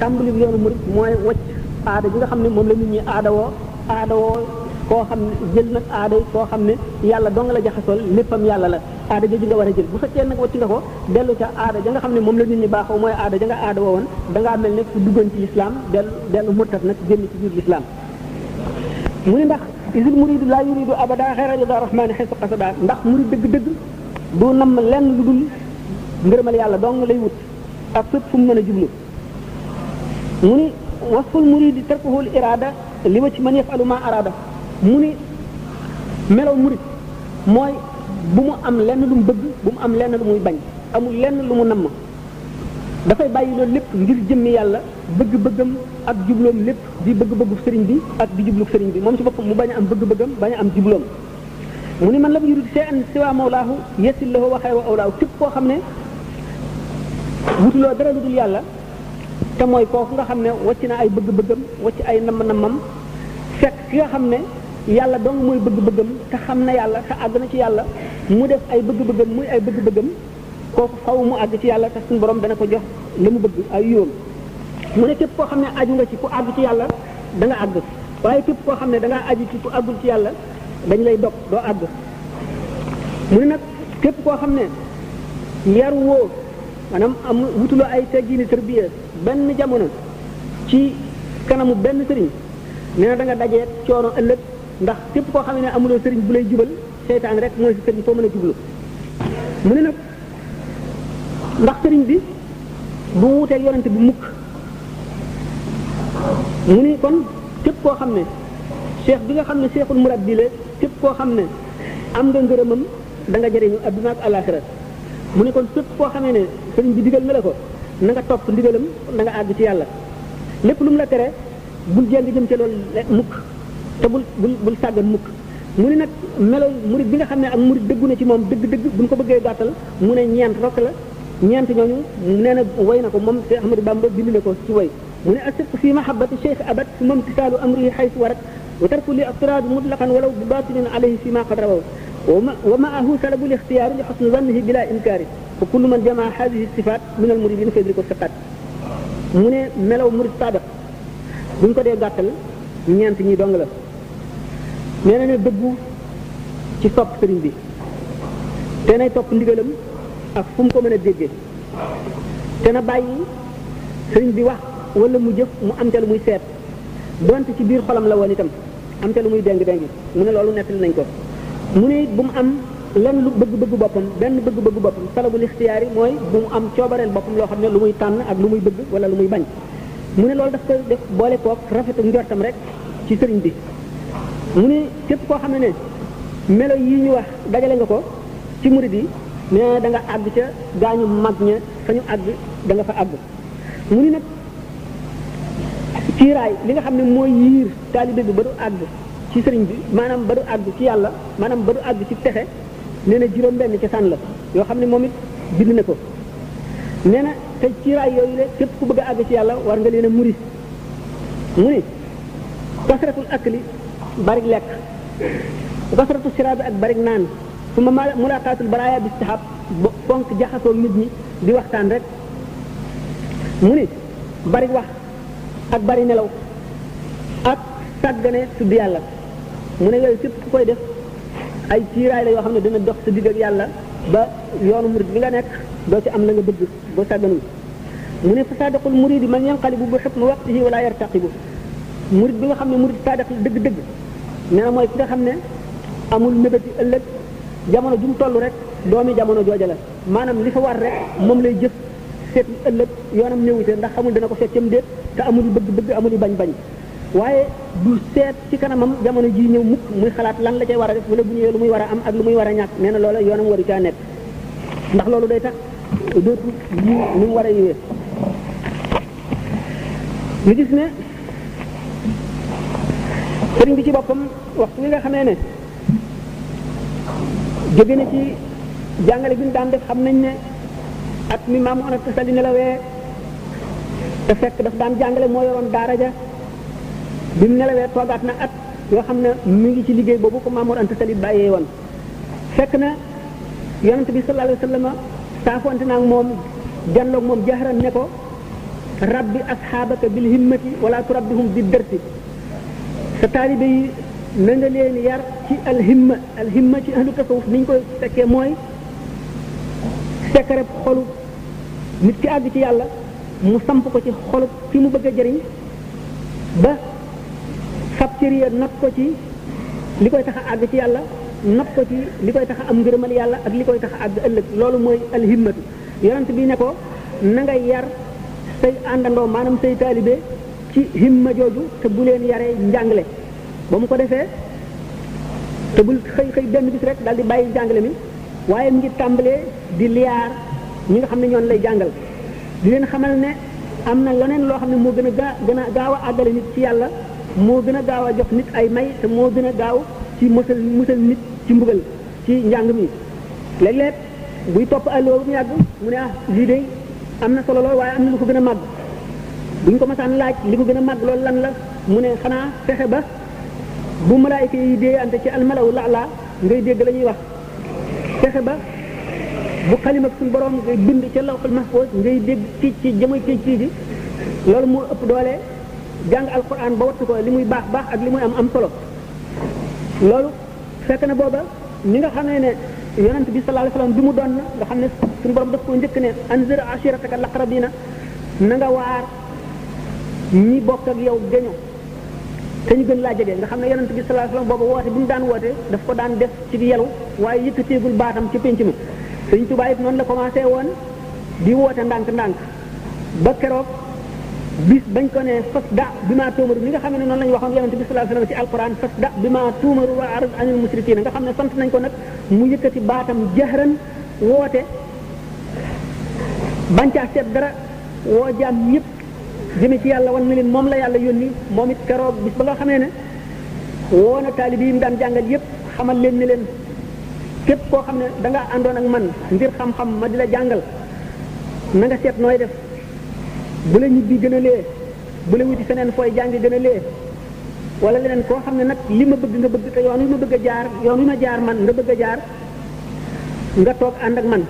tàmbali bi yoonu murit mooy wacc aada bi nga xam ne moom la nit ñi aadawoo aadawoo koo xam ne jël nag aada yi koo xam ne yàlla dong la jaxasool léppam yàlla la aada jooju nga war a jël bu fekkee nag wacc nga ko dellu ca aada ja nga xam ne moom la nit ñi baaxoo mooy aada ja nga aada woon da ngaa mel ne ku duggoon ci lislaam dellu dellu murtat nag génn ci biir lislaam mu ne ndax isil muridu laa yuridu abada xeera rida rahmaani xesu qasada ndax murid dëgg-dëgg du nam lenn lu dul ngërëmal yàlla dong lay wut ak fépp fu mu mën a jublu mu ni wasful muridi tarkuhul irada li ma ci man yafalu ma araada mu ni melaw murid mooy bu mu am lenn lu mu bëgg bu mu am lenn lu muy bañ amul lenn lu mu namm dafay bàyyi loolu lépp ngir jëmmi yàlla bëgg-bëggam ak jubloom lépp di bëgg-bëggu sëriñ bi ak di jublu sëriñ bi moom ci boppam mu bañ a am bëgg-bëggam bañ am jubloom mu ni man lam yurid shay'an siwa mawlaahu yasil lahu wa xayru awlaahu képp koo xam ne wutuloo dara lu dul yàlla te mooy kooku nga xam ne wacc na ay bëgg-bëggam wàcc ay nam nammam fekk ki nga xam ne yàlla dong mooy bëgg-bëggam te xam na yàlla te àgg na ci yàlla mu def ay bëgg-bëggam ay bëgg-bëggam kooku faw mu àgg yàlla te suñu borom dana ko jox mu bëgg ay mu ne képp koo xam ne aju nga ci ku àgg ci yàlla da àgg waaye képp koo xam ne danga ngaa aju ci ku àggul ci yàlla dañ lay dog doo àgg mu ne nag képp koo xam ne yar maanaam am wutuloo ay teggiini tarbiya benn jamono ci kanamu benn sëriñ nee na da nga dajee coono ëllëg ndax képp koo xam ne amuloo sëriñ bu lay jubal seytaan rek mooy si sëriñ foo mën a jublu mu ne nag ndax sëriñ bi bu wuteeg yonent bi mukk mu ni kon képp koo xam ne cheikh bi nga xam ne cheikhul murabbi la képp koo xam ne am nga ngërëmam da nga jëriñu adduna ak mu ne kon képp koo xamee ne sëriñ bi digal na la ko nanga nga topp ndigalam na nga àgg ci yàlla lépp lu mu la tere bul jéng jëm ca loolu mukk te bul bul bul sàggan mukk mu ne nag melo murid bi nga xam ne ak murid dëggu na ci moom dëgg-dëgg bu ñu ko bëggee gàttal mu ne ñeent rokk la ñeent ñooñu nee na way na ko moom te Ahmadou Bamba bind na ko ci way mu ne asiq fi mahabbati cheikh abat moom tisaalu amrihi xaysu warat wa tarku li aftiraad mutlaqan walaw bi batinin alayhi fi ma qad rawaw ومعه طلب الاختيار لحسن ظنه بلا إنكار فكل من جمع هذه الصفات من المريدين فيدرك الثقات mu ne melaw murid saadiq bu ñu ko dee gàttal ñeent ñi dong la nee nañu dëggu ci topp sëriñ bi te nay topp ndigalam ak fu mu ko mën a déggee te na bàyyi sëriñ bi wax wala mu jëf mu am ca lu muy seet donte ci biir xolam la woon itam am ca lu muy déng déng mu ne loolu nettali nañ ko mu ne it bu mu am lenn lu bëgg-bëggu boppam benn bëgg-bëggu boppam talabul ixtiyaar yi mooy bu mu am coobareel boppam loo xam ne lu muy tànn ak lu muy bëgg wala lu muy bañ mu ne loolu daf koy def boole kook rafetu njortam rek ci sëriñ bi mu ne képp koo xam ne ne melo yi ñu wax dajale nga ko ci murid yi mais da nga àgg ca gaañu mag ña fa ñu àgg danga fa àgg mu ne nag kiiraay li nga xam ne mooy yiir taalibe bi ba du àgg ci sëriñ bi maanaam ba du àgg ci yàlla maanaam ba du àgg ci texe nee na juróom benn ca sànn la yoo xam ne moom it bind na ko nee na te ci raay yooyu le képp ku bëgg a àgg ci yàlla war nga leen a muri mu ni ak li barik lekk kasratu siraabi ak barik naan su ma mulaaqaatul baraaya bi istihab fonk jaxasoo nit ñi di waxtaan rek mu ni bari wax ak bari nelaw ak sàggane tudd yàlla mu ne yooyu képp ku koy def ay ciiraay la yoo xam ne dana dox sa digg ak yàlla ba yoonu murid bi nga nekk doo ci am la nga bëgg boo sàgganul mu ne fa saadaqul muridi man yanqalibu bi hukmi waqtihi wala yartaqibu murid bi nga xam ne murid saadaq dëgg-dëgg nee mooy ki nga xam ne amul mébéti ëllëg jamono ju mu toll rek doomi jamono jooja la maanaam li fa war rek moom lay jëf seet ëllëg yoonam néewute ndax xamul dana ko seet cam déet te amul bëgg-bëgg amul bañ-bañ waaye du seet ci kanamam jamono ji ñëw mukk muy xalaat lan la cay war a def wala bu ñëwee lu muy war a am ak lu muy war a ñàkk nee na loola yoonam waru caa nekk ndax loolu day tax dootu war a gis ne sëriñ bi ci boppam waxtu wi nga xamee ne jóge na ci jàngale bi daan def xam nañ ne ak mi maamu anak tasali nelawee te fekk daf daan jàngale moo yoroon daara ja bi mu nelawee toogaat na at yoo xam ne mu ngi ci liggéey boobu ko Maamoor Anta bàyyee woon fekk na yonent bi sallallahu alayhi wa sallam saafonte moom janloog moom jaxaran ne ko rabbi asxaabaka bil himmati wala turabbihum bi dersi sa taalibe yi na nga leen yar ci alhimma alhimma ci ahlu tasawuf ni ñu koy fekkee mooy sekkareb xolu nit ki àgg ci yàlla mu samp ko ci xolu fi mu bëgg a jëriñ ba fab cër ya not ko ci li koy tax àgg ci yàlla not ko ci li koy tax a am ngërëmal yàlla ak li koy tax a àgg ëllëg loolu mooy alhimmatu yonent bi ne ko na yar say àndandoo maanaam say taalibe ci himma jooju te bu leen yaree njàngale ba mu ko defee te bul xëy xëy benn bis rek daal di bàyyi njàngale mi waaye mu ngi tàmbalee di liyaar ñi nga xam ne ñoon lay jàngal di leen xamal ne am na leneen loo xam ne moo gën a gaa gën a gaaw a àggale nit ci yàlla moo gën a gaaw a jox nit ay may te moo gën a gaaw ci musal musal nit ci mbugal ci njàng mi léeg-léeg buy topp àlluwa bu yàgg mu ne ah lii de am na solo lool waaye am na lu ko gën a màgg bu ñu ko masaan laaj li ko gën a màgg loolu lan la mu ne xanaa fexe ba bu malaayika yi dee ante ci almalaw laala ngay dégg lañuy wax fexe ba bu xalima suñu borom ngay bind ca lawxul mahfuz ngay dégg ci ci jëma ci ci loolu moo ëpp doole jàng alquran ba wattu ko li muy baax baax ak li muy am am solo loolu fekk na booba ñi nga xamee ne yonent bi sallallahu alayhi wasallam bi mu doon na nga xam ne suñu borom daf ko njëkk ne anzir ashirataka laqrabina na nga waar ñi bokk ak yow geño te gën laa jege nga xam ne yonent bi sallallahu alayhi wasallam booba woote bi mu daan woote daf ko daan def ci yelu waaye yëkkateegul baatam ci penc mi sëñ Tuubaa it noonu la commencé woon di woote ndànk-ndànk ba keroog bis bañ ko ne fas da bi maa tuumaru ni nga xam ne noonu wax waxoon yonente bi sallallahu alayhi wasallam ci alquran fas da bi maa tuumaru wa arid anil musrikiina nga xam ne sant nañ ko nag mu yëkkati baatam jahran woote bancaa seet dara woo jaam ñëpp jëme ci yàlla wan na leen moom la yàlla yónni moom it keroog bis ba loo xamee ne woo na taalibi yi mu daan jàngal yëpp xamal leen ne leen képp koo xam ne da àndoon ak man ngir xam-xam ma di la jàngal na seet nooy def bu la ñibbi gën a lee bu la wuti feneen fooy jàng gën a lee wala leneen koo xam ne nag li ma bëgg nga bëgg te yoon wi ma bëgg a jaar yoon wi ma jaar man nga bëgg a jaar nga toog ànd ak man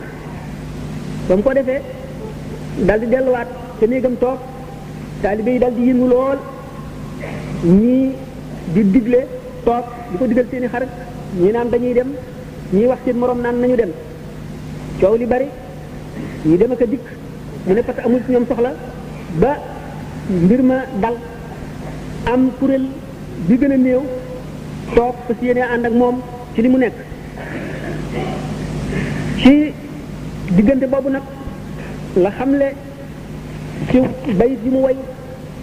ba mu ko defee dal di delluwaat te néegam toog taalibe yi dal di yëngu lool ñii di digle toog di ko digal seen i xarit ñii naan dañuy dem ñii wax seen moroom naan nañu dem coow li bari ñii dem ak a dikk mu ne parce que amul ci ñoom soxla ba mbir dal am kuréel bi a néew toog fas yéene ànd ak moom ci li mu nekk ci diggante boobu nag la xamle ci bayit yi mu way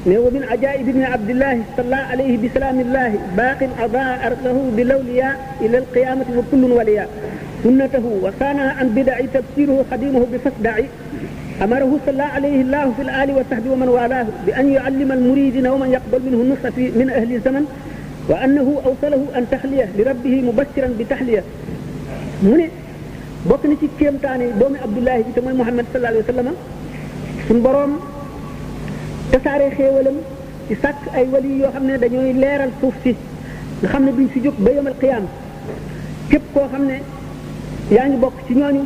ne wa min ajaib ibni abdillahi salla alayhi bi salaamillahi baaqin adaa ardahu bi lawliya ila alqiyamati wa kullun waliya sunnatahu wa saana an bidai tabsiruhu xadimahu bi fasdai amarahu salla alayhi llahu fi l ali wa sahbi wa man walaahu bi an yuallima almuridina wa man yaqbal minhu nusa fi min ahli zaman wa annahu awsalahu an taxliya li rabbihi mubashiran bi taxliya mu ne bokk na ci kéemtaane doomi abdullahi bi te mooy muhammad sallallahu alayhi wa sallama suñ boroom tasaare xéewalam ci sàkk ay wali yoo xam ne dañooy leeral suuf si nga xam ne duñ fi jóg ba yomal qiyaam képp koo xam ne yaa ngi bokk ci ñooñu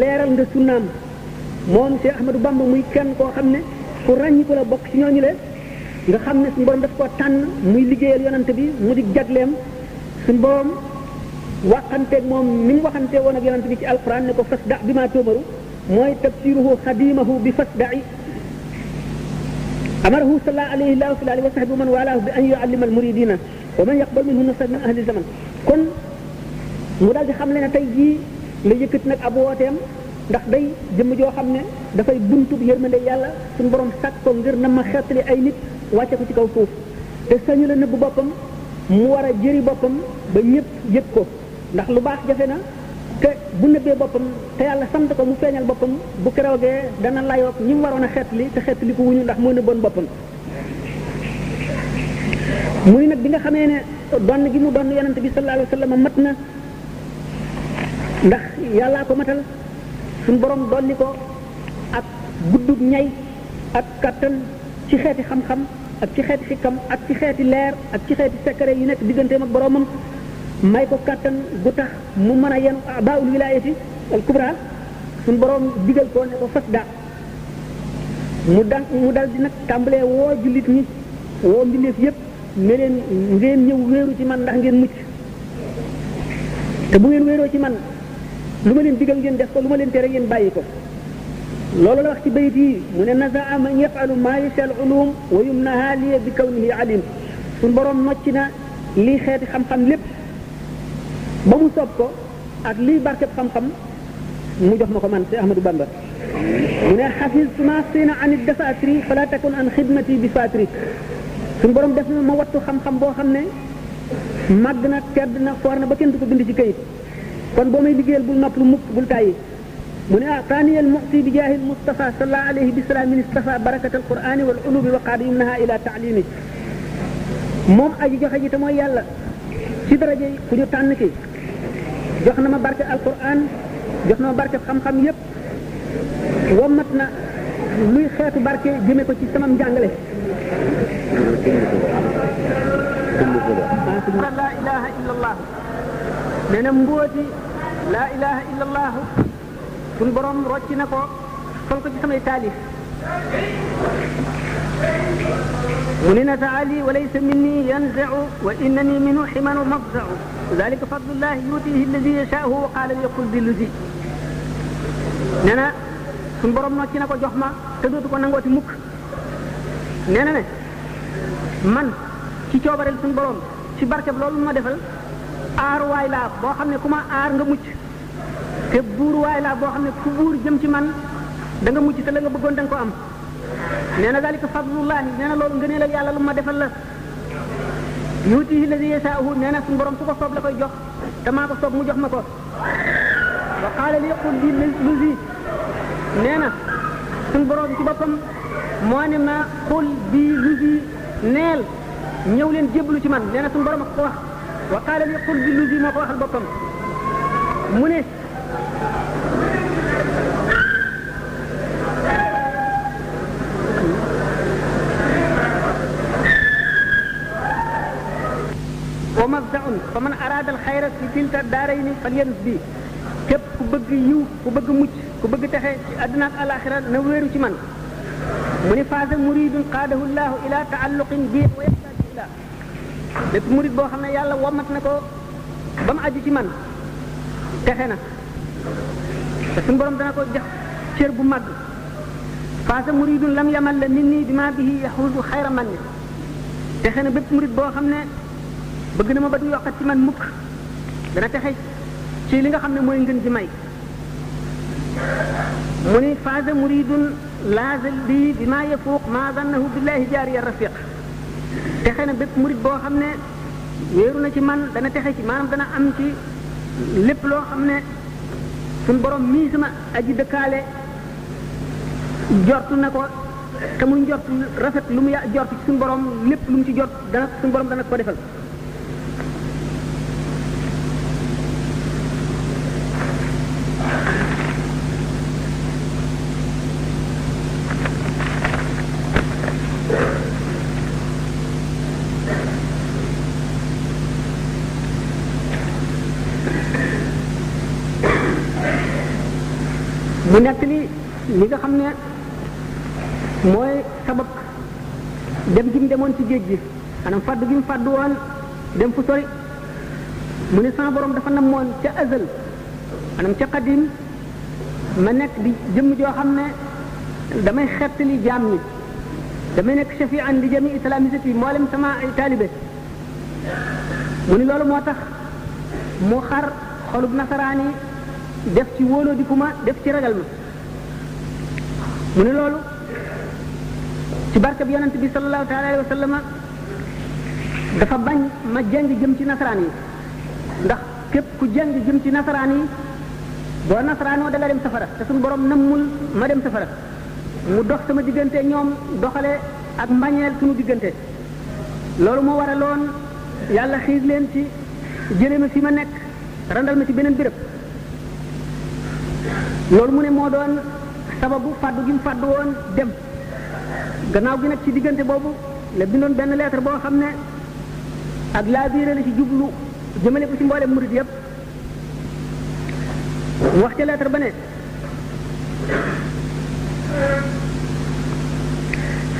leeral nga sunnaam moom Cheikh Ahmadou Bamba muy kenn koo xam ne ku ràññiku la bokk ci ñooñu le nga xam ne suñu borom daf ko tànn muy liggéeyal yonante bi mu di jagleem suñu borom waxanteeg moom ni mu waxantee woon ak yonante bi ci alquran ne ko fas da bi maa tóomaru mooy tabsiruhu xadimahu bi fas da'i amarahu sala alayhi laahu fi alihi wa sahbi man walaahu bi an yuallima almuridina wa man yaqbal minhu min ahli zaman kon mu daal di xam le ne tey jii la yëkkati nag ab wooteem ndax day jëmm joo xam ne dafay buntu yërmande yàlla suñ borom sàkk ko ngir na ma xeetali ay nit wàcce ko ci kaw suuf te sañu la nëbb boppam mu war a jëri boppam ba ñëpp yëg ko ndax lu baax jafe na te bu nëbbee boppam te yàlla sant ko mu feeñal boppam bu keroogee dana layoog ñi mu waroon a xeetali te xeetali ko ñu ndax moo nëbboon boppam muy nag bi nga xamee ne donn gi mu donn yonent bi sallallahu alayhi wa sallam mat na ndax yàllaa ko matal suñ borom dolli ko ak guddug ñay ak kàttan ci xeeti xam-xam ak ci xeeti xikkam ak ci xeeti leer ak ci xeeti secret yi nekk digganteem ak boromam may ko kàttan gu tax mu mën a yen baawul wilaayati al kubra suñ borom digal ko ne ko fas daa mu dal mu dal di nag tàmbalee woo jullit ñi woo mbindeef yépp ne leen ngeen ñëw wéeru ci man ndax ngeen mucc te bu ngeen wéeroo ci man lu ma leen digal ngeen def ko lu ma leen tere ngeen bàyyi ko loolu la wax ci bayit yi mu ne na nazaa man yafalu maa yasha al ulum wa yumnaha liya bi kawnihi alim suñ borom nocc na lii xeeti xam-xam lépp ba mu soob ko ak lii barkeb xam-xam mu jox ma ko man si Ahmadou Bamba mu ne xafistu ma sina an dafatri fala takun an xidmati bi fatri suñ borom def na ma wattu xam-xam boo xam ne màgg na tedd na foor na ba kenn du ko bind ci kayit kon boo may liggéeyal bul noppalu mukk bul tàyyi mu ne ah taaniyal muxti bi jaahil mustafa salla alayhi bi salaam istafa barakat al qurani wal ulubi wa qaad yumnaha ila taalimi moom aji joxe ji te mooy yàlla ci daraje ku ñu tànn jox na ma barke alquran jox na ma barke xam-xam yépp wommat na luy xeetu barke ko ci samam njàngale la ilaha illa allah nee na mbóoti laa ilaha illa allahu borom rocci na ko fol ko ci samay taalif mu ne nataali walaysa minni yanzau wa innani minhu ximanu mafzau dalika fadlullah yutihi alladi yashaahu wa qaala yaqul dillu di nee na borom nocci na ko jox ma te dootu ko nangooti mukk nee man ci coobareel suñ borom ci barkeb loolu ma defal aaruwaay laa boo xam ne ku ma aar nga mujj te buuruwaay laa boo xam ne ku buur jëm ci man danga mujj mucc te la nga bëggoon da ko am nee na dalika fadlullahi nee na loolu ngëneel ak lu ma defal la yuutihi ladi yasaahu nee na suñu borom ku ko soob la koy jox te maa ko soob mu jox ma ko wa qaala li qul li luzi nee na suñu borom ci boppam moo ne ma qul bi luzi neel ñëw leen jéblu ci man nee na suñu borom ko wax wa qaala li qurbi moo ko waxal boppam mu ne wa mabdaun fa man araada al xayra fi tilka daarayni falyan bi képp ku bëgg yiw ku bëgg mucc ku bëgg texe ci àdduna ak alaxira na wéeru ci man mu ne faasa muridun qaadahu llahu ila taalluqin bi lépp murit boo xam ne yàlla womat na ko ba mu aju ci man texe na te suñu borom dana ko jox cër bu mag faasa muridun lam la nit nii bi maa bihi yaxuusu xayra man texe na bépp murit boo xam ne bëgg na ma ba du yokkat ci man mukk dana texe ci li nga xam ne mooy ngën ji may mu ni faasa muridun laazal lii bi maa yafuuq maa dannahu billahi jaariya rafiq texe na bépp murit boo xam ne wéeru na ci man dana texe ci maanaam dana am ci lépp loo xam ne suñ borom mii sama aji dëkkaale jortu na ko te muy njort rafet lu mu ya jort ci suñu borom lépp lu mu ci jort dana suñu borom dana ko defal faddu woon dem fu sori mu ne sama borom dafa namoon ca azal maanaam ca qadim ma nekk di jëmm joo xam ne damay xettali jaam ñi damay nekk shafian li jami islamisati yi mboolem sama mu ni loolu moo tax moo xar xolub nasaraani def ci wóoloo di kuma def ci ragal ma mu ne loolu ci barke bi yonent bi sallallahu taala alayhi dafa bañ ma jàng jëm ci nasaraan yi ndax képp ku jàng jëm ci nasaraan yi boo nasaraanoo da dem safara te suñu borom nammul ma dem safara mu dox sama diggante ñoom doxale ak mbañeel suñu diggante loolu moo waraloon yàlla xiir leen ci jële ma fi ma nekk randal ma ci beneen béréb loolu mu ne moo doon sababu fàddu gi mu fàddu woon dem gannaaw gi nag ci diggante boobu la bindoon benn lettre boo xam ne ak laa biire la ci jublu jëmale ko ci mboolem murid yépp wax ca lettre ba ne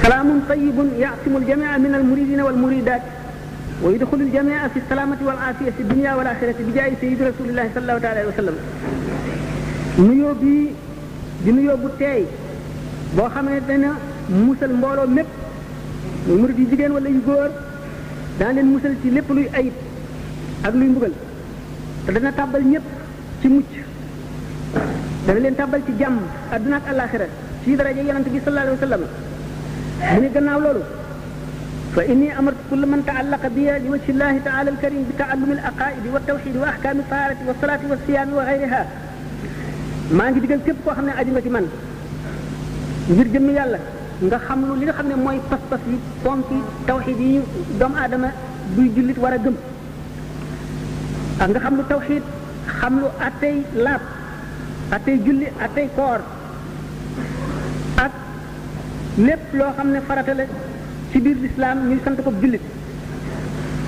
salaamun tayibun yaasimul jamia min al muridina wal muridat wa yudxulu al jamia fi salaamati wal aafiya fi dunia wal axirati bi jaayi sayidi rasulillahi salallahu taala alayhi wa sallam nuyoo bii di nuyoo bu teey boo xamee dana musal mbooloo mépp muy murid yu jigéen wala yu góor dana leen musal ci lépp luy ayib ak luy mbugal te dana ñëpp ci mucc dana leen tàbbal ci jàmm àdduna ak àllaaxira ci daraja yonent bi sallallahu alayhi wa sallam mu ne gannaaw loolu fa inni amartu kulla man taallaqa biya li wajhi llahi taala alkarim bi taallumi alaqaidi wa tawxidi wa ahkaami taharati wa salaati wa siyaami wa gayriha maa ngi digal képp koo xam ne aju nga ci man ngir jëmmi yàlla nga xam lu li nga xam ne mooy pas-pas yi ponk yi tawxid yi doomu aadama buy jullit war a gëm ak nga xam lu tawxid xam lu attey laab attey julli attey koor ak lépp loo xam ne farata ci biir lislaam ñuy sant ko jullit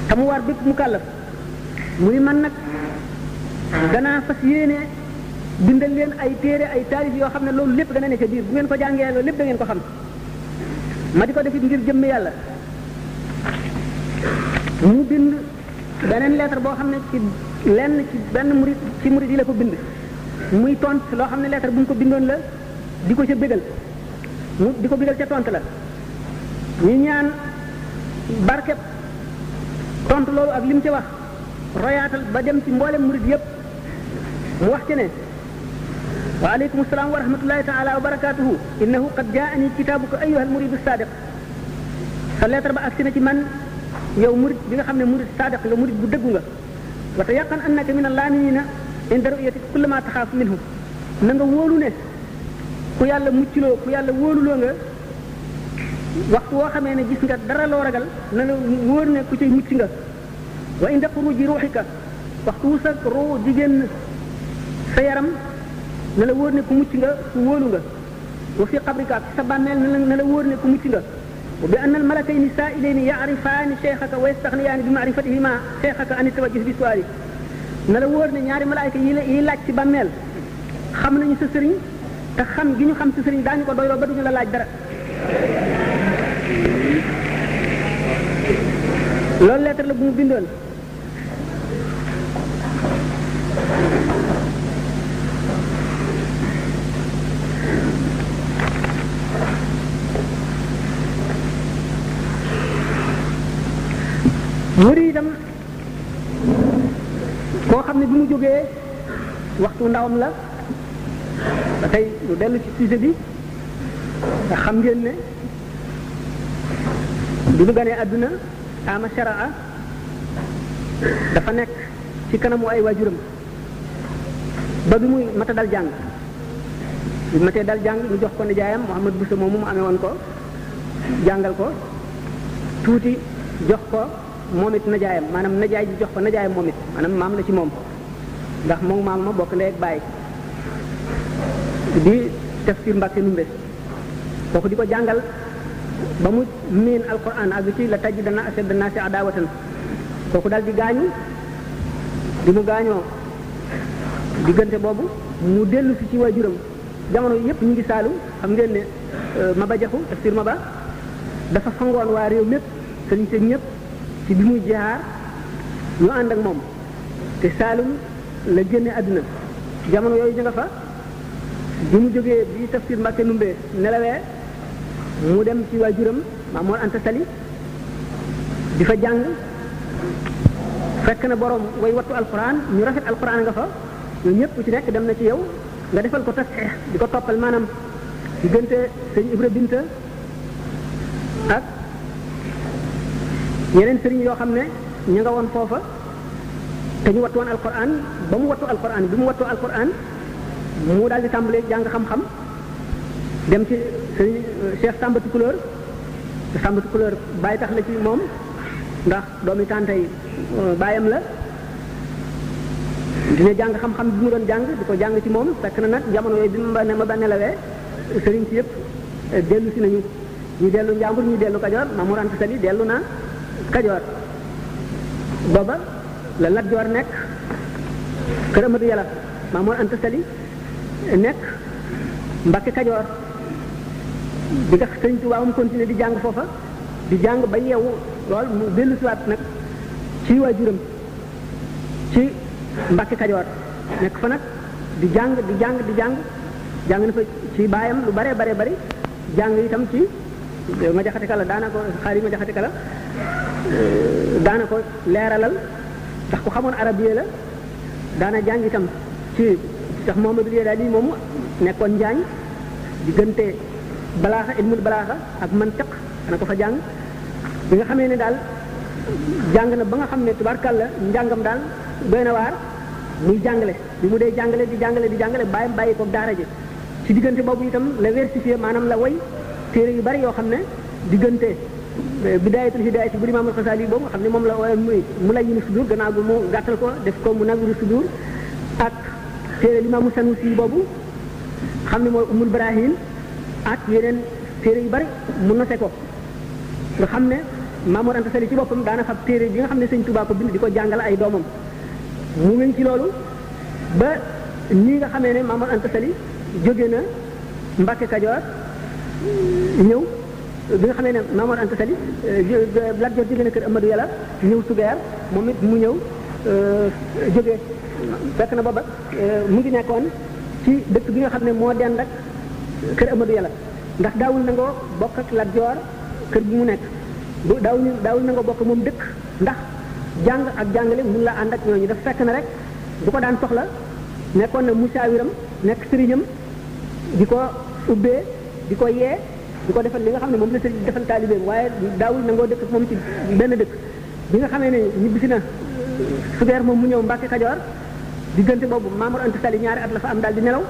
te mu war bépp mu kàllaf mu ni man nag danaa fas yéene bindal leen ay téere ay taarif yoo xam ne loolu lépp dana ne ca biir bu ngeen ko jàngee loolu lépp da ngeen ko xam ma di ko defit ngir jëmm yàlla mu bind beneen lettre boo xam ne ci lenn ci benn murid ci murid yi la ko bind muy tont loo xam ne lettre bu mu ko bindoon la di ko ca bégal mu di ko bégal ca tont la ñu ñaan barkeb tont loolu ak li mu ca wax royaatal ba dem ci mboolem murid yépp mu wax ci ne وعليكم السلام ورحمة الله تعالى وبركاته إنه قد جاءني كتابك أيها المريد الصادق فليتر ba agsi na ci man yow murid bi nga xam ne murid sadiq nga murid bu dëggu nga wa tayaqan annaka min allaaminiina inda ru'yatika kulli ma taxaaf minhu na nga wóolu ne ku yàlla muccloo ku yàlla wóoluloo nga waxtu woo xamee ne gis nga dara loo ragal na la wóor ne ku cay mucc nga wa inda xuruji ruuxika waxtu wu sa ruu jigéen sa yaram na la wóor ne ku mucc nga ku wóolu nga wa fi qabrika ci sa bàmmeel na la wóor ne ku mucc nga wa bi anna al malakayni saailayni yaarifaani cheikhaka wa yastaxniyaani bi maarifatihima cheikhaka ani tawajjuh bi suwaali na la wóor ne ñaari malaayka yi yi laaj ci bàmmeel xam nañu sa sëriñ te xam gi ñu xam sa sëriñ daañu ko doyloo ba duñu la laaj dara loolu lettre la bu mu bindoon muridam koo xam ne bi mu jógee waxtu ndawam la ba tey lu dellu ci sujet bi xam ngeen ne bi mu ganee àdduna ama sharaa dafa nekk ci kanamu ay waajuram ba bi muy mata dal jàng mu matee dal jàng mu jox ko nijaayam Mouhamad Bousso moomu mu amee woon ko jàngal ko tuuti jox ko moom it najaayam maanaam najaay ji jox ko najaayam moom it maanaam maam la ci moom ndax moom maam bokk ndey ak bàyyi di def ci mbàkke numbe ko jàngal ba mu miin ak ci la taj dana asad dana si kooku daal di gaañu di mu gaañoo diggante boobu mu dellu si ci waajuram jamono yépp ñu ngi saalu xam ngeen ma euh, Maba Jaxu tafsir Maba dafa fangoon waa réew mépp sëriñ seen ñëpp ci bi muy jaar ñu ànd ak moom te Saalum la génne àdduna jamono yooyu ñu nga fa bi mu jógee bi tafsir Mbàkke Numbe nelawee mu dem ci waajuram Maam Mor Anta Sali fa jàng fekk na boroom way wattu alquran ñu rafet alquran nga fa ñun ñëpp ci nekk dem na ci yow nga defal ko tasxeex di ko toppal maanaam diggante sëñ Ibra Binta ak yeneen sëriñ yoo xam ne ñu nga woon foofa te ñu wattu woon alquran ba mu wattu alquran bi mu wattu alquran mu daal di tàmbalee jàng xam-xam dem ci sëriñ euh, Cheikh Samba Tukulóor Samba bàyyi tax la ci moom ndax doomi yi euh, baayam la dina jàng xam-xam bi mu doon jàng di ko jàng ci moom fekk na nag jamono yooyu bi ma ma ba nelawee sëriñ si yëpp euh, dellu si nañu ñu dellu njàmbur ñu dellu Kajoor Mamour Anta Sali dellu naa kajoor booba la Lat Joor nekk kër Amadu Yàlla Maamoor Anta Sali nekk Mbàkke Kajoor di nga Sëriñ Tuubaa am continuer di jàng foofa di jàng ba yeewu lool mu dellu siwaat nag ci waajuram ci Mbàkke Kajoor nekk fa nag di jàng di jàng di jàng jàng na fa ci baayam lu bare bare bari jàng tam ci ma jaxate kala daanaka xaar yi kala daana ko leeralal ndax ku xamoon arabiya la daana jàng itam ci Cheikh Mouhamadou Yadaali lii moomu nekkoon njaañ diggante balaaxa ilmul balaaxa ak man mantiq dana ko fa jàng bi nga xamee ne daal jàng na ba nga xam ne tubaarkàlla njàngam daal doy na waar muy jàngale bi mu dee jàngale di jàngale di jàngale bàyyam bàyyi ko daara ji ci diggante boobu itam la versifié maanaam la woy téere yu bari yoo xam ne diggante bidaayatul hidaayati bu imaam al-Xasaali boobu nga xam ne moom la waaye muy mu lay yinu sudur gannaaw bi mu gàttal ko def ko mu nawiru sudur ak téere limaamu Sanusi boobu xam ne mooy umul Barahin ak yeneen téere yu bari mu nose ko nga xam ne Maamoor Anta ci boppam daana fab téere bi nga xam ne Sëñ Tuubaa ko bind di ko jàngal ay doomam mu ngi ci loolu ba nii nga xamee ne Maamoor Anta Sali jóge na Mbàkke Kajoor ñëw bi nga xamee ne Maamor Anta Sali euh, euh, Lat Joor jógee na kër Amadou Yàlla ñëw Sugeer moom it mu ñëw euh, jógee fekk na booba mu ngi nekkoon ci dëkk bi nga xam ne moo dend ak kër Amadou Yàlla ndax daawul nangoo bokk ak Lat Joor kër bi mu nekk bu daawul daawul nangoo bokk moom dëkk ndax jàng ak jàngale mun laa ànd ak ñooñu dafa fekk na rek bu ko daan soxla nekkoon na musaawiram nekk sëriñam di ko ubbee di ko yee di ko defal li nga xam ne moom la sëriñ defal taalibeem waaye daawul nangoo dëkk moom ci benn dëkk bi nga xamee ne ñibbisi na sugeer moom mu ñëw Mbàkke Kajoor diggante boobu Maamor Anta Sali ñaari at la fa am daal di nelaw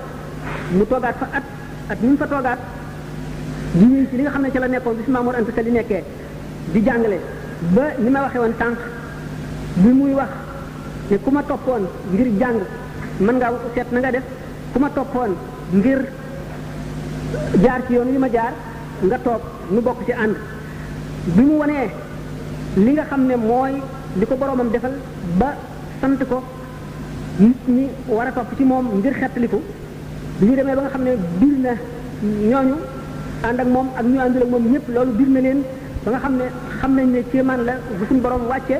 mu toogaat fa at ak ni mu fa toogaat di ñuy ci li nga xam ne ci la nekkoon bi si Maamor Anta Sali nekkee di jàngale ba li ma waxee woon tànk bi muy wax te ku ma toppoon ngir jàng man ngaa seet na nga def ku ma toppoon ngir jaar ci yoon yi ma jaar nga toog nu bokk ci ànd bi mu wanee li nga xam ne mooy li ko boroomam defal ba sant ko nit ñi war a topp ci moom ngir xettaliku bi ñu demee ba nga xam ne biir na ñooñu ànd ak moom ak ñu àndul moom ñëpp loolu biir na leen ba nga xam ne xam nañ ne kéemaan la bu suñu borom wàcce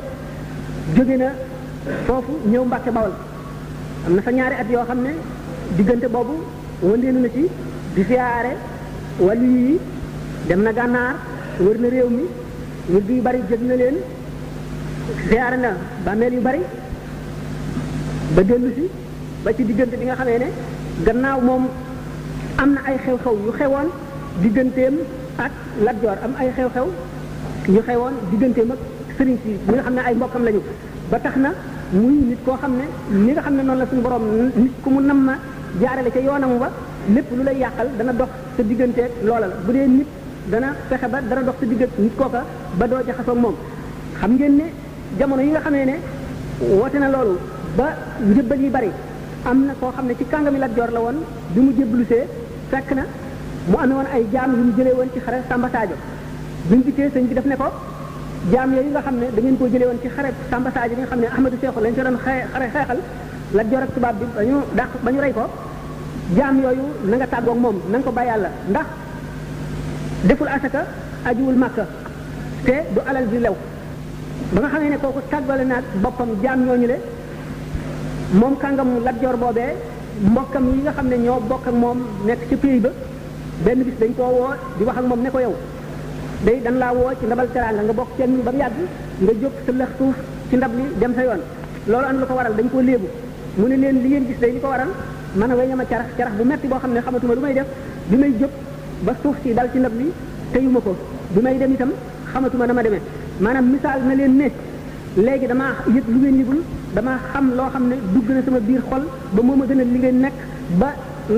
jóge na foofu ñëw Mbàkke Bawol am na fa ñaari at yoo xam ne diggante boobu wëndeenu na ci di siyaare wàllu yi dem na gànnaar wër na réew mi wird yu bari jëg na leen ziyaar na yu bari ba dellu si ba ci diggante bi nga xamee ne gannaaw moom am na ay xew-xew yu xewoon digganteem ak Lat Joor am ay xew-xew yu xewoon digganteem ak sëriñ si ñi nga xam ne ay mbokkam lañu ba tax na muy nit koo xam ne ni nga xam ne noonu la suñu borom nit ku mu nam ma jaarale ca yoonam ba lépp lu lay yàqal dana dox sa digganteeg loola bu dee nit dana fexe ba dara dox sa digg ak nit kooka ba doo jaxasoo moom xam ngeen ne jamono yi nga xamee ne woote na loolu ba njëbbal yi bari am na koo xam ne ci kàngami Lat Joor la woon bi mu jébbalu see fekk na mu amee woon ay jaam yu mu jëlee woon ci xare Samba Sadio bi mu bi def ne ko jaam yooyu nga xam ne da ngeen koo jëlee ci xare Samba bi nga xam ne Ahmadou Seexu lañ ci doon xare xeexal Lat Joor ak tubaab bi ba ñu dàq ba ñu rey ko jaam yooyu na nga moom na ko bàyyi yàlla ndax deful asaka ajiwul màkka te du alal bi lew ba nga xamee ne koo kooku tàggale naag boppam jaam ñooñu le moom kàngamu Lat Joor boobee mbokkam yi nga xam ne ñoo bokk ak moom nekk ci pays ba benn bis dañ koo woo di wax ak moom ne ko yow day dañ laa woo ci ndabal teraanga nga bokk seen ba mu yàgg nga jóg sa lëx suuf ci ndab li dem sa yoon loolu am lu ko waral dañ koo léebu mu ne leen li ngeen gis day li ko waral man a weñama carax carax bu metti boo xam ne xamatuma lu def bi may jóg ba suuf si dal ci ndab li teyuma ko bi may dem itam xamatuma dama demee maanaam misaal na leen ne léegi damaa yëg lu ngeen yëgul damaa xam loo xam ne dugg na sama biir xol ba moo ma gën a li ngeen nekk ba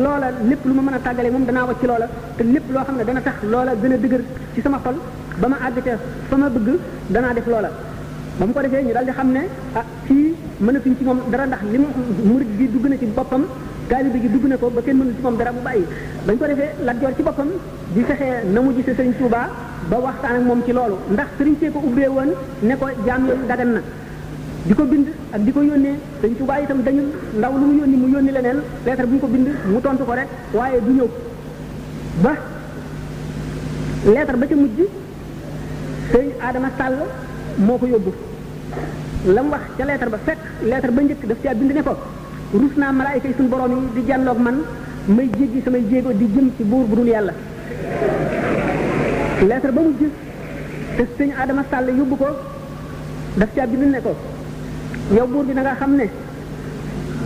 loola lépp lu ma mën a tàggalee moom danaa wacc loola te lépp loo xam ne dana tax loola gën a dëgër ci sama xol ba ma àgg ca fa bëgg danaa def loola ba mu ko defee ñu daal xam ne ah fii mënatuñ ci moom dara ndax li murid bi dugg na ci boppam taalibe gi dugg na ko ba kenn mënu ci moom dara mu bàyyi dañ ko defee Lat Joor ci boppam di fexe na mu gisee Sëriñ suubaa ba waxtaan ak moom ci loolu ndax Sëriñ see ko ubbee woon ne ko jaam yoon dagan na di ko bind ak di ko yónnee Sëriñ Tuuba itam dañu ndaw lu mu yónni mu yónni leneen lettre bu ñu ko bind mu tontu ko rek waaye du ñëw ba lettre ba ca mujj Sëriñ Adama Sàll moo ko yóbbu la mu wax ca leetar ba fekk leetar ba njëkk daf caa bind ne ko rus naa malaayika yi suñu borom yi di jàlloog man may jéggi samay jéego di jëm ci buur bu dul yàlla leetar ba mujj te sëñ aadama sàll yóbbu ko daf caa bind ne ko yow buur bi da xam ne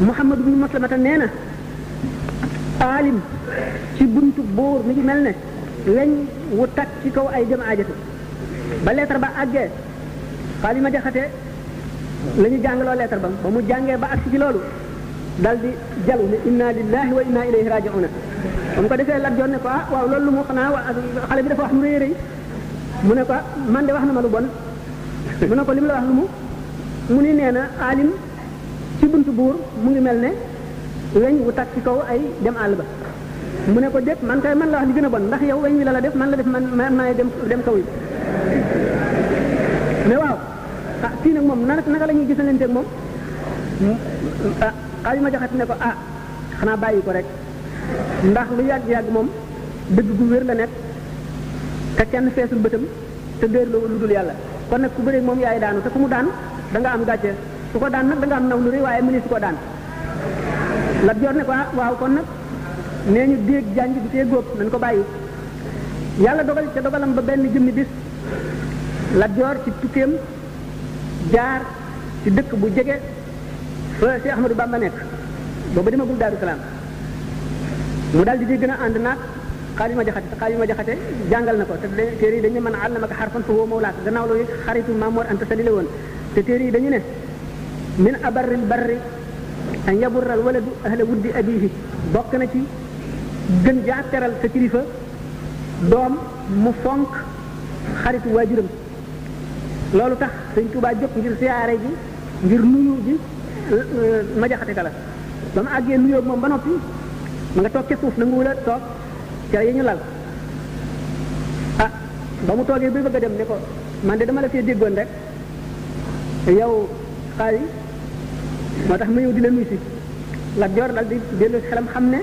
Muhammad ibnu Maslamata nee na aalim ci buntu buur mi mel ne weñ wu takk ci kaw ay jëm aajatu ba leetar ba àggee xaalima jaxate la ñu jàngaloo lettre bam ba mu jàngee ba agsi ci loolu dal di jalu ne inna lillahi wa inna ilayhi raji'una ba mu ko defee Lat Joor ne ko ah waaw loolu lu mu xanaa wa xale bi dafa wax lu rëy rëy mu ne ko man de wax na ma lu bon mu ne ko li la wax lu mu mu ni nee na alim ci buntu buur mu ngi mel ne weñ wu takk ci kaw ay dem àll ba mu ne ko déet man kay man la wax li gën a bon ndax yow weñ wi la la def man la def man maay dem dem kaw yi fii nag moom naka naka lañuy ñuy gisalanteeg moom ah xaaju ma jaxati ne ko ah xanaa bàyyi ko rek ndax lu yàgg-yàgg moom dëgg gu wér la nekk te kenn feesul bëtam te déer la lu dul yàlla kon nag ku bëreeg moom yaay daanu te ku mu daan danga am gàcce ku ko daan nag da am naw lu rëy waaye mënees koo daan la jor ne ko ah waaw kon nag nee ñu déeg janj bi tee góob nañ ko bàyyi yàlla dogal ca dogalam ba benn jëmmi bis la jor ci tukkeem jaar ci dëkk bu jege fa Cheikh Ahmadou Bamba nekk booba demagul Daaru Salaam mu daal di di gën a ànd naag xaalima jaxate te xaalima jaxate jàngal na ko te téere yi dañu mën a àllamaka xarfan fa huwa mawlaak gannaaw loolu xaritu Maam Mor Anta woon te téere yi dañu ne min abarril barri an yaburral waladu ahla wuddi abii bokk na ci gën jaa teral sa kilifa doom mu fonk xaritu waajuram loolu tax sëñ Tuubaa jóg ngir siyaare ji ngir nuyu ji ma ka la ba ma àggee nuyoo moom ba noppi ma nga toog ca suuf nangu la toog ca yi ñu lal ah ba mu toogee ba bëgg a dem ne ko man de dama la fee déggoon rek yow xaal yi moo tax ma ñëw di la nuyu si Lat Joor dal di dellu xelam xam ne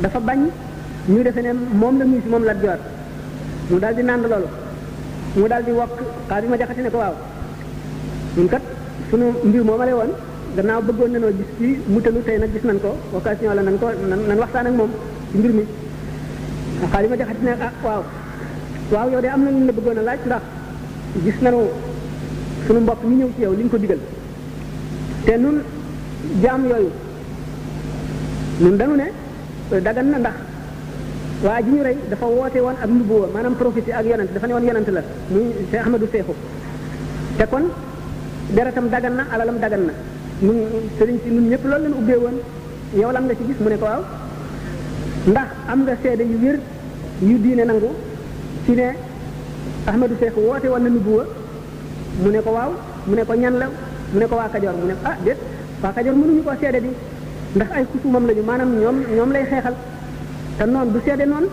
dafa bañ ñu defe ne moom la nuyu si moom Lat mu daal di nànd loolu mu daal di wokk xaa bi ma jaxati ne ko waaw ñun kat sunu mbir moomale woon gannaaw bëggoon nanoo gis fii mu tënu tey nag gis nan ko ka la nan ko nan waxtaan ak moom mbir mi xaa ma jaxati ne ah waaw yow de am na lu ñu la bëggoon a laaj ndax gis nanu sunu mbokk mi ñëw ci yow li ñu ko digal te nun jaam yooyu nun danu ne dagan na ndax waa ji ñu rey dafa woote woon ak nubuwa maanaam prophétie ak yonent dafa ne woon yonent la muy Cheikh Ahmadou Seexu te kon deretam dagan na alalam dagan na nun sëriñ si nun ñëpp loolu lañ ubbee woon yow lan nga ci gis mu ne ko waaw ndax am nga seede yu wér yu diine nangu ci ne Ahmadou Seexu woote woon na nubuwa mu ne ko waaw mu ne ko ñan la mu ne ko waa Kajoor mu ne ah déet waa Kajoor mënuñu koo seede di ndax ay xusumam lañu maanaam ñoom ñoom lay xeexal te noonu du seede noon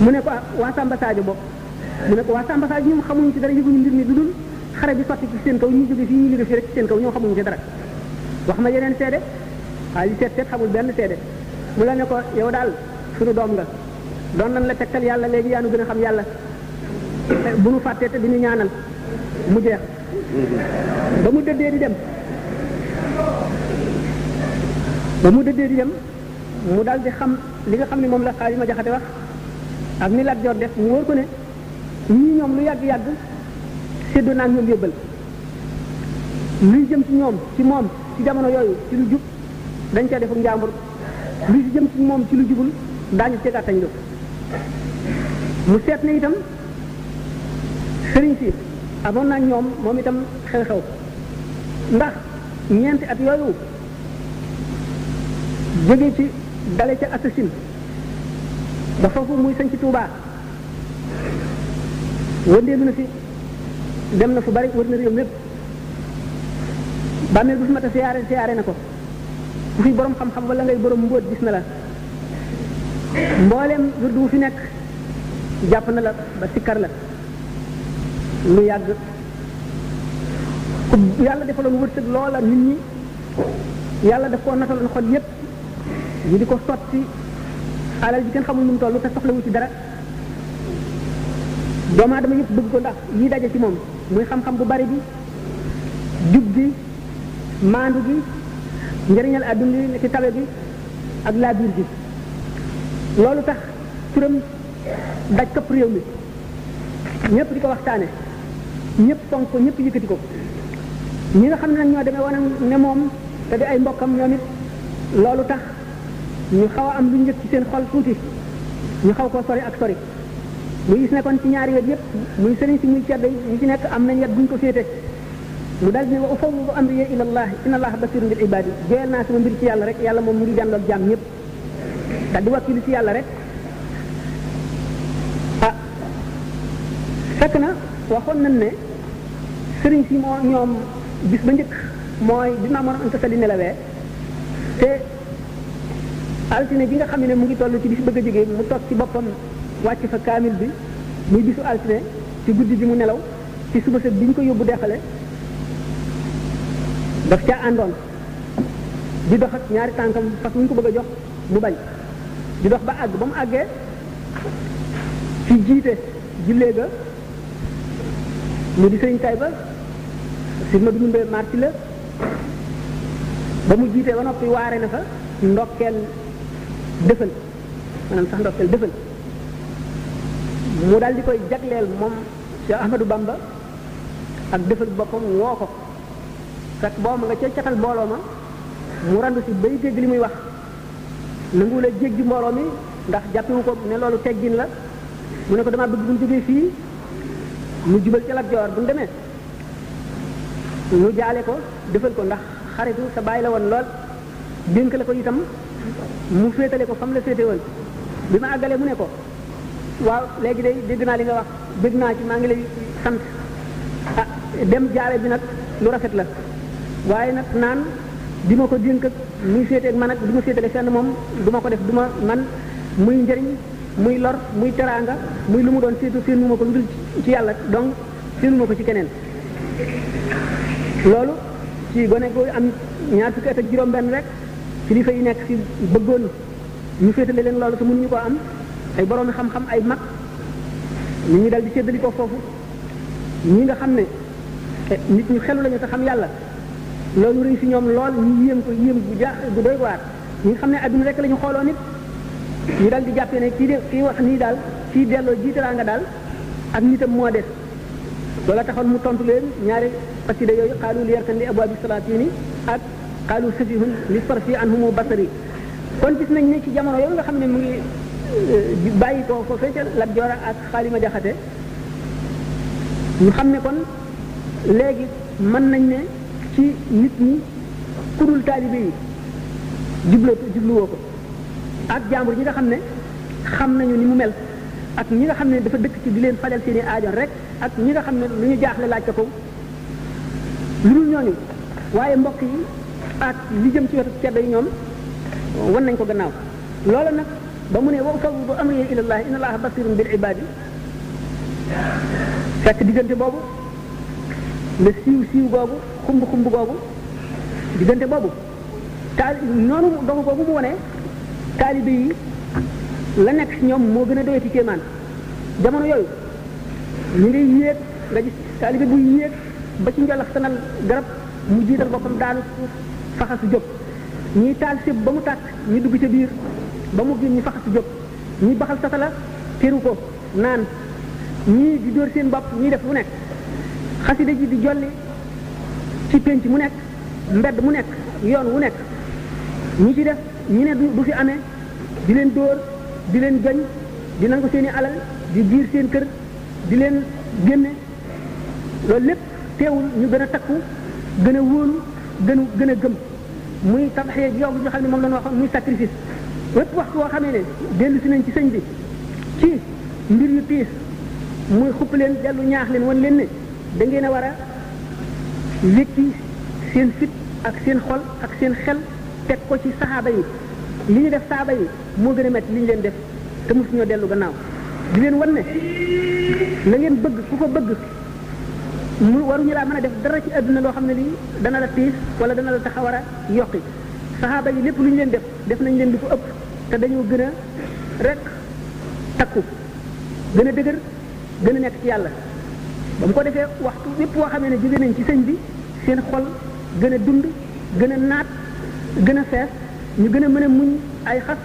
mu ne ko ah waa Samba Sadio mu ne ko waa Samba Sadio ñoom xamuñu ci dara yëguñu mbir mi du dul xare bi sotti ci seen kaw ñu jóge fii ñu jóge fii rek ci seen kaw ñoom xamuñu ci dara wax ma yeneen seede waaye li seet seet xamul benn seede mu la ne ko yow daal suñu doom nga doon nañ la tegtal yàlla léegi yaa nu gën a xam yàlla bu nu fàttee te di ñu ñaanal mu jeex ba mu dëddee di dem ba mu dëddee di dem mu daal di xam li nga xam ne moom la xaalima jaxate wax ak ni Lat Joor def mu wóor ko ne ñii ñoom lu yàgg yàgg séddoo naa ñoom yóbbal luy jëm ci ñoom ci moom ci jamono yooyu ci lu jub dañ cee defuk njàmbur luy jëm ci moom ci lu jubul daañu ci gàttañ lu mu seet ne itam sëriñ si amoon na ñoom moom itam xew-xew ndax ñeenti at yooyu jóge ci dale ca Assassine ba foofu muy sañ ci tuubaa wëndeelu na fi dem na fu bari wër na réew mépp bàmmeel bu fi mat a siyaare siyaare na ko bu fi borom xam-xam wala ngay borom mbóot gis na la mbooleem du bu fi nekk jàpp na la ba sikkar la lu yàgg ku yàlla defaloon wërsëg loola nit ñi yàlla daf koo nataloon xol yépp ñu di ko sotti alal ji kenn xamul nu mu toll te soxlawul ci dara doomu aadama yëpp bëgg ko ndax yi daje ci moom muy xam-xam bu bari bi jub gi maandu gi njëriñal àdduna li ci tawe gi ak laa gi loolu tax turam daj këpp réew mi ñëpp di ko waxtaane ñëpp fonk ko ñëpp yëkkati ko ñi nga xam ne nag ñoo demee woon ne moom te di ay mbokkam ñoom it loolu tax ñu xaw a am lu njëkk ci seen xol tuuti ñu xaw koo sori ak sori mu gis nekkoon ci ñaari wet yépp muy sëriñ si muy ceddo yi ñu ci nekk am nañ wet buñ ko féete mu daal di ne wa ufawwidu amri ila allah inna allah basirun bil ibadi joyal naa sama mbir ci yàlla rek yàlla moom mu ngi jàndoog jaam ñëpp daal wakkilu ci yàlla rek ah fekk na waxoon nañ ne sëriñ si moo ñoom bis ba njëkk mooy dinaa mën a ëntasali nelawee te altine bi nga xam ne mu ngi toll ci bis bëgg a jógee mu toog ci boppam wàcc fa kaamil bi muy bisu altine ci guddi bi mu nelaw ci suba set bi ñu ko yóbbu deexale daf caa àndoon di dox ak ñaari tànkam fas wu ñu ko bëgg a jox mu bañ di dox ba àgg ba mu àggee ci jiite jullee ga mu di sëñ tay ba si ma dumbe marti la ba mu jiitee ba noppi waare na fa ndokkeel dëfal maanaam sax ndoxteel dëfal mu daal di koy jagleel moom Cheikh Ahmadou Bamba ak dëfal boppam woo ko fekk boobu nga ca catal mbooloo ma mu randu si bay dégg li muy wax nanguwul a jéggi mbooloo mi ndax jàppewu ko ne loolu teggin la mu ne ko dama bëgg bu jógee fii mu jubal ca Lat Joor bu ñu demee mu jaale ko dëfal ko ndax xaritu sa bàyyi la woon lool dénk la ko itam mu féetale ko fam la féete woon bi ma àggalee mu ne ko waaw léegi de dégg naa li nga wax dégg naa ci maa ngi lay sant ah dem jaare bi nag lu rafet la waaye nag naan di ma ko dénk ak muy féete ak man ak di ma féetale fenn moom du ma ko def du ma man muy njëriñ muy lor muy teraanga muy lu mu doon féen mu ma ko lu dul ci yàlla donc séenu ma ko ci keneen loolu ci gone ko am ñaar fukki at ak juróom benn rek kilifa yi nekk ci bëggoon ñu féetale leen loolu te ñu ko am ay borom xam-xam ay mag ñu ngi dal di séddali ko foofu ñi nga xam ne eh, nit ñu xelu lañu te xam yàlla loolu rëy ci ñoom lool ñu yéem ko yéem bu jaax bu doy waar ñu nga xam ne adduna rek la ñu xooloon nit ñu dal di jàppee ne kii de kii wax nii daal kii delloo jiitaraa nga daal ak nitam moo des loola taxoon mu tontu leen ñaari xasida yooyu xaalu li yarkan li abwaabi salaatini ak xaalu safihun li sarfi anhumu basari kon gis nañ ne ci jamono yooyu nga xam ne mu ngi euh, bàyyi ko foo fecca Lat Joor ak Xaalima Jaxate ñu xam ne kon léegi mën nañ ne ci nit ñi kudul taalibe yi jublu jubluwoo ko ak jàmbur ñi nga xam ne xam nañu ni mu mel ak ñi nga xam ne dafa dëkk ci di leen fajal seeni aajo rek ak ñi nga xam ne lu ñu jaaxle laaj ko ko lu dul ñooñu waaye mbokk yi ak li jëm ci wetu tedd yi ñoom wan nañ ko gannaaw loola nag ba mu ne wa ufawwidu amri ilallaah inna allaaha basirun bil ibaadi fekk diggante boobu le siiw siiw googu xumb xumb googu diggante boobu taal noonu dogu googu mu wone taalibe yi la nekk ñoom moo gën a doyati kéemaan jamono yooyu ñu ngi yéeg nga gis taalibe buy yéeg ba ci njolax sanal garab mu jiital boppam daanu suuf faxas jóg ñiy taal sib ba mu tàkk ñu dugg ca biir ba mu génn ñu faxas jóg ñi baxal satala teru ko naan ñii di dóor seen bopp ñii def mu nekk xasida ji di jolli ci pénc mu nekk mbedd mu nekk yoon wu nekk ñi ci def ñi ne du fi amee di leen dóor di leen gañ di nangu seeni alal di giir seen kër di leen génne loolu lépp teewul ñu gën a takku gën a wóolu gën gën a gëm muy tabaxee yomb ñoo xam ne moom la ñu waxoon muy sacrifice wépp wax ko xamee ne dellu si nañ ci sëñ bi ci mbir yu tiis muy xupp leen dellu ñaax leen wan leen ne da ngeen a war a wékki seen fit ak seen xol ak seen xel teg ko ci saxaaba yi li ñu def saxaaba yi moo gën a metti li ñu leen def te mosu ñoo dellu gannaaw di leen wan ne la ngeen bëgg ku ko bëgg mu waruñu laa mën a def dara ci àdduna loo xam ne lii dana la tiis wala dana la tax a war a yokki saxaaba yi lépp lu ñu leen def def nañ leen lu ko ëpp te dañoo gën a takku gën a dëgër gën a nekk ci yàlla ba mu ko defee waxtu lépp woo xamee ne jóge nañ ci sëñ bi seen xol gën a dund gën naat gën a fees ñu gën a mën muñ ay xas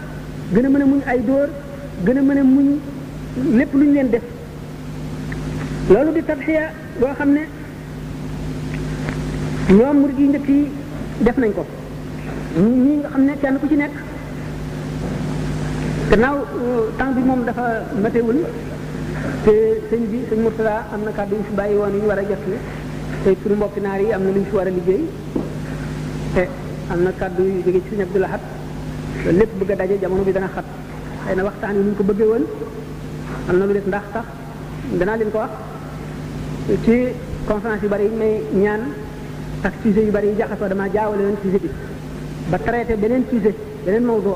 gën a muñ ay dóor gën a mën muñ lépp lu ñu leen def loolu di taxiya boo xam ne ñoom murid yi njëkk yi def nañ ko ñii nga xam ne kenn ku ci nekk gannaaw euh, temps bi moom dafa matewul te sëñ bi sëñ Murtala am na kàddu yu fi bàyyi woon yu war a jot te suñu mbokki naar yi am na lu ñu fi war a liggéey te am na kàddu yu jóge ci sëñ Abdou Lahad lépp bëgg a daje jamono bi dana xat xëy na waxtaan yi luñ ko bëggee woon am na lu des ndax sax danaa leen ko wax ci conférence yu bari yi may ñaan ak sujet yu bari yi jaxasoo dama jaawale woon sujet bi ba traité beneen sujet beneen mawdo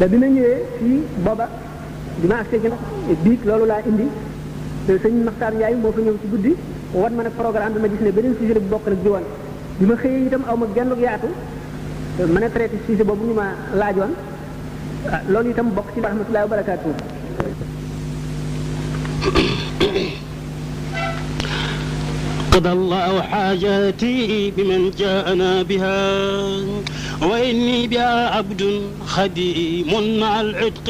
da bi ma ñëwee fii booba bi ma agsee ci biig loolu laa indi sëñ Maxtaar Njaay moo fa ñëw ci guddi wan ma nag programme bi ma gis ne beneen sujet bu bokk nag jiwoon bi ma xëyee itam aw ma genn yaatu mën a traité sujet boobu ñu ma laajoon ah, loolu itam bokk ci rahmatullahi wa barakaatu قضى الله حاجاتي بمن جاءنا بها وإني بها عبد خديم مع العتق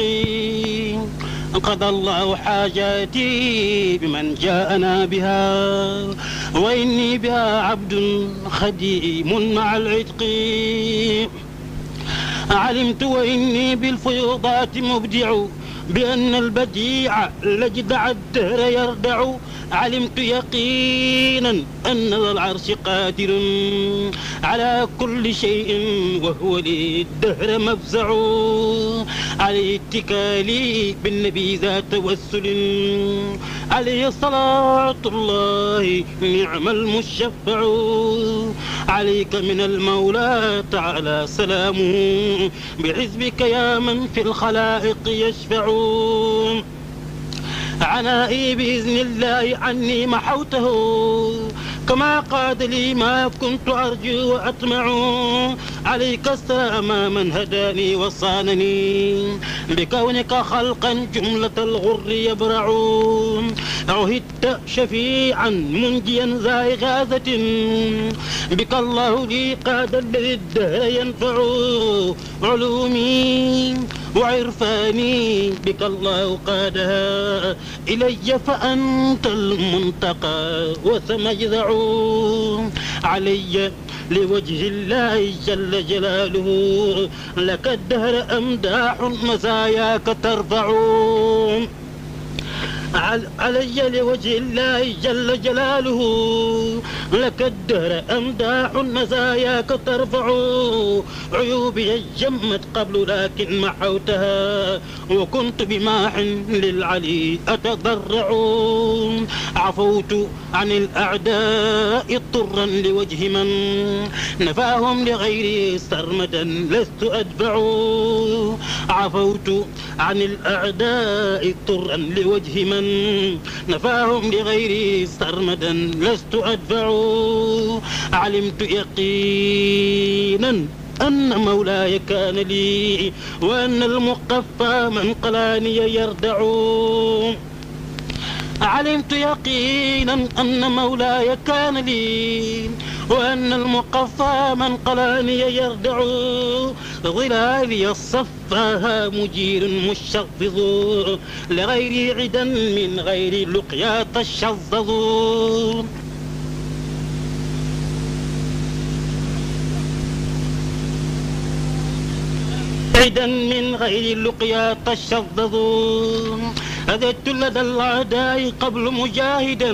قضى الله حاجاتي بمن جاءنا بها وإني بها عبد خديم مع العتق علمت وإني بالفيوضات مبدع بأن البديع لجدع الدهر يردع علمت يقينا أن ذا العرش قادر على كل شيء وهو لي الدهر مفزع علي اتكالي بالنبي ذا توسل عليه صلاة الله نعم المشفع عليك من المولى تعالى سلامه بعزبك يا من في الخلائق يشفع عنائي بإذن الله عني محوته كما قاد لي ما كنت أرجو وأطمع عليك السلام من هداني وصانني بكونك خلقا جملة الغر يبرع عهدت شفيعا منجيا ذا إغاثة بك الله لي قاد الذي الدهر ينفع علومي وعرفاني بك الله قادها إلي فأنت المنتقى وثمجذع علي لوجه الله جل جلاله لك الدهر أمداح مزاياك ترضعون علي لوجه الله جل جلاله لك الدهر أمداح مزاياك ترفع عيوبي جمت قبل لكن محوتها وكنت بماح للعلي أتضرع عفوت عن الأعداء اضطرا لوجه من نفاهم لغيري سرمدا لست أدفع عفوت عن الأعداء اضطرا لوجه من سرمدا نفاهم لغيري سرمدا لست أدفع علمت يقينا أن مولاي كان لي وأن المقفى من قلاني يردع علمت يقينا أن مولاي كان لي وأن المقفى من قلاني يردع ظلالي الصفاها مجير مشظظ لغيري عدا من غير لقيا تشظظ بعيدا من غير لقيا تشظظوا أذدت لدى العداء قبل مجاهدا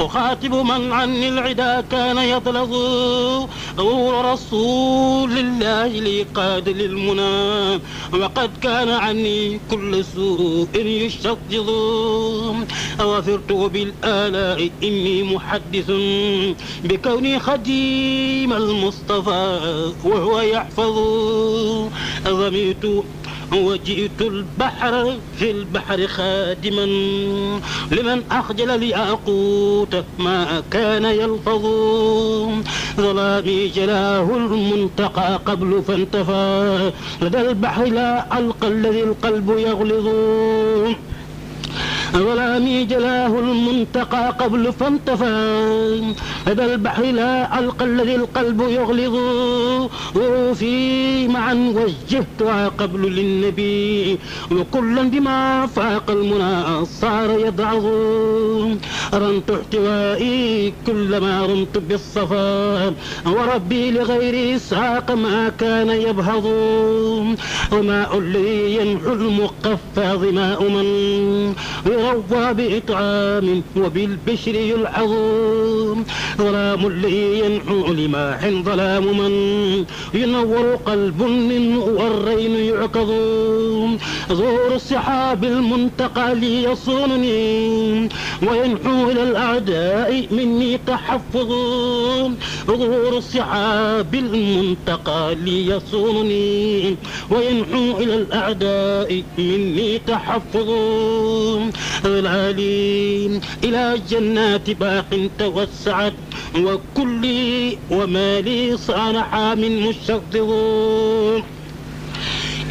أخاطب من عني العدا كان يطلب غور رسول الله لي قاد للمنى وقد كان عني كل سوء يشظظ أوفرت بالآلاء إني محدث بكوني خديم المصطفى وهو يحفظ غميت وجئت البحر في البحر خادما لمن أخجل الياقوت ما كان يلفظ ظلامي جلاه المنتقى قبل فانتفى لدى البحر لا ألقى الذي القلب يغلظ ولا مي جلاه المنتقى قبل فانتفى هذا البحر لا ألقى الذي القلب يغلظ في معا وجهتها قبل للنبي وكلا بما فاق المنى صار يدعظ رمت احتوائي كلما رمت بالصفا وربي لغيري ساق ما كان يبهض وماء لي ينحو المقفى ظماء من روض بإطعام وبالبشر العظيم ظلام لي ينحو لما حين ظلام من ينور قلب من والرين يعكظ زور السحاب المنتقى ليصونني وينحو إلى الأعداء مني تحفظ عبور الصعاب المنتقى ليصونني وينحو إلى الأعداء مني تحفظ العليم إلى جنات باق توسعت وكلي ومالي صالحا من مشفظ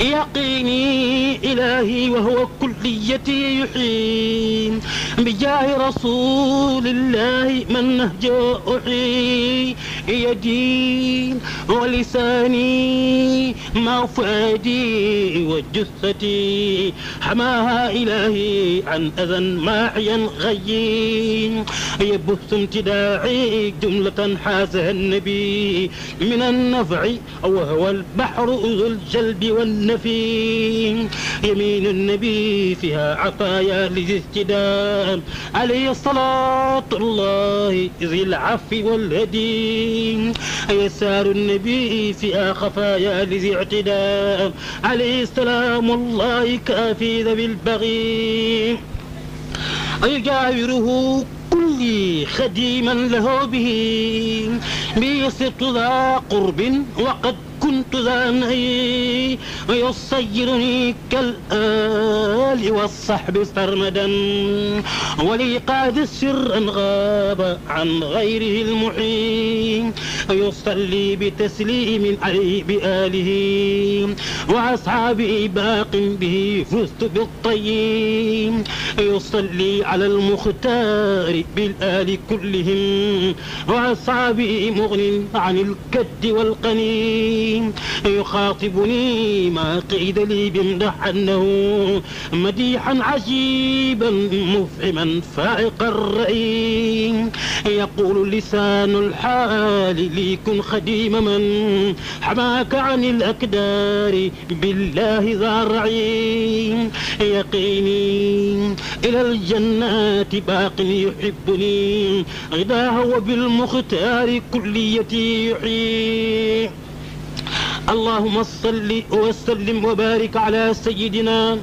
يقيني إلهي وهو كليتي يحين بجاه رسول الله من نهجه أحيي هي دين ولساني موفدي وجثتي حماها إلهي عن أذى ماعيا غيين يبث امتداعي جملة حازها النبي من النفع وهو البحر ذو الجلب والنفي يمين النبي فيها عطايا لذي اهتدام عليه صلاة الله ذي العفو والهدي يسار النبي في خفايا لذي اعتداء عليه السلام الله كافي ذوي البغي أيجاوره كل خديما له به بيسط ذا قرب وقد كنت ذا نهي يصيرني كالآل والصحب سرمدا ولإيقاظ السر أن غاب عن غيره المحيي يصلي بتسليم عليه بآله وأصحابه باق به فزت بالطيب يصلي على المختار بالآل كلهم وأصحابه مغن عن الكد والقنين الكريم يخاطبني ما قيد لي بمدح أنه مديحا عجيبا مفعما فائق الرئيم يقول لسان الحال لي كن خديم من حماك عن الأكدار بالله ذا الرعيم يقيني إلى الجنات باق يحبني غداه وبالمختار كليتي يحيي اللهم صل وسلم وبارك على سيدنا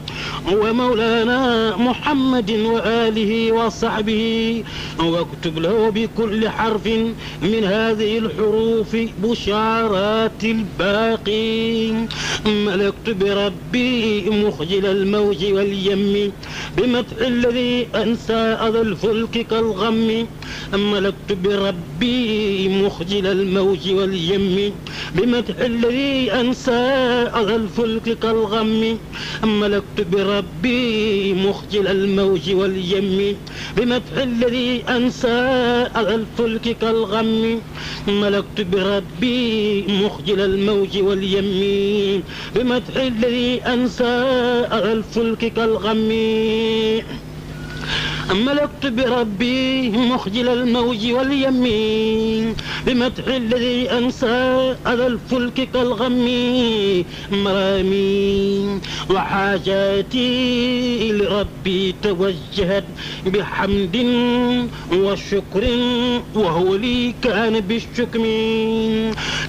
ومولانا محمد وآله وصحبه واكتب له بكل حرف من هذه الحروف بشارات الباقي ملكت بربي مخجل الموج واليم بمدح الذي أنسى أذى الفلك كالغم ملكت بربي مخجل الموج واليم بمدح الذي لكي أنسى على الفلك كالغم ملكت بربي مخجل الموج واليم بمدح الذي أنسى على الفلك كالغم ملكت بربي مخجل الموج واليم بمدح الذي أنسى على الفلك كالغم ملقت بربي مخجل الموج واليم بمدح الذي أنسى على الفلك كالغم مرامي وحاجاتي لربي توجهت بحمد وشكر وهو لي كان بالشكم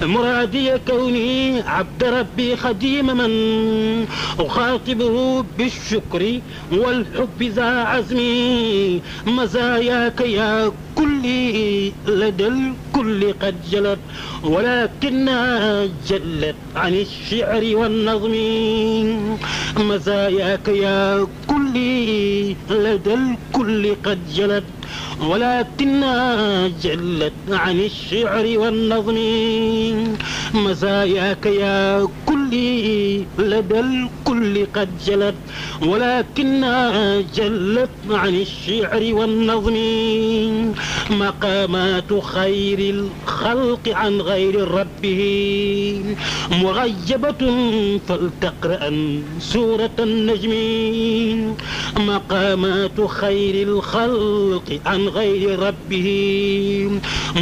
مرادي كوني عبد ربي خديم من أخاطبه بالشكر والحب ذا عزمي مزاياك يا كلي لدى الكل قد جلت ولكنها جلت عن الشعر والنظم مزاياك يا كلي لدى الكل قد جلت ولكنها جلت عن الشعر والنظم مزاياك يا كل لي لدى الكل قد جلت ولكنها جلت عن الشعر والنظم مقامات خير الخلق عن غير ربه مغيبة فلتقرأ سورة النجم مقامات خير الخلق عن غير ربه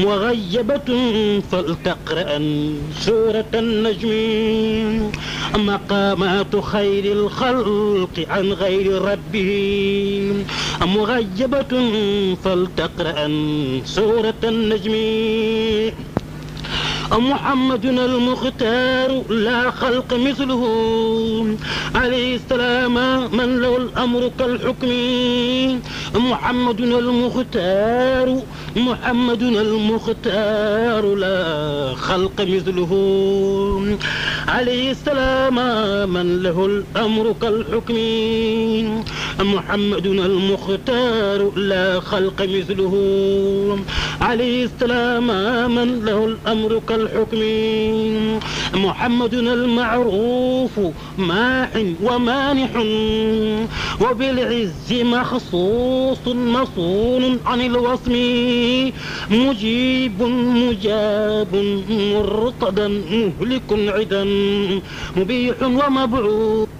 مغيبة فلتقرأ سورة النجم مقامات خير الخلق عن غير ربه معجبة فلتقرأ سورة النجم محمد المختار لا خلق مثله عليه السلام من له الأمر كالحكم محمد المختار محمد المختار لا خلق مثله عليه السلام من له الأمر كالحكم محمد المختار لا خلق مثله عليه السلام من له الأمر كالحكم الحكم محمد المعروف ماع ومانح وبالعز مخصوص مصون عن الوصم مجيب مجاب مرتضى مهلك عدا مبيح ومبعوث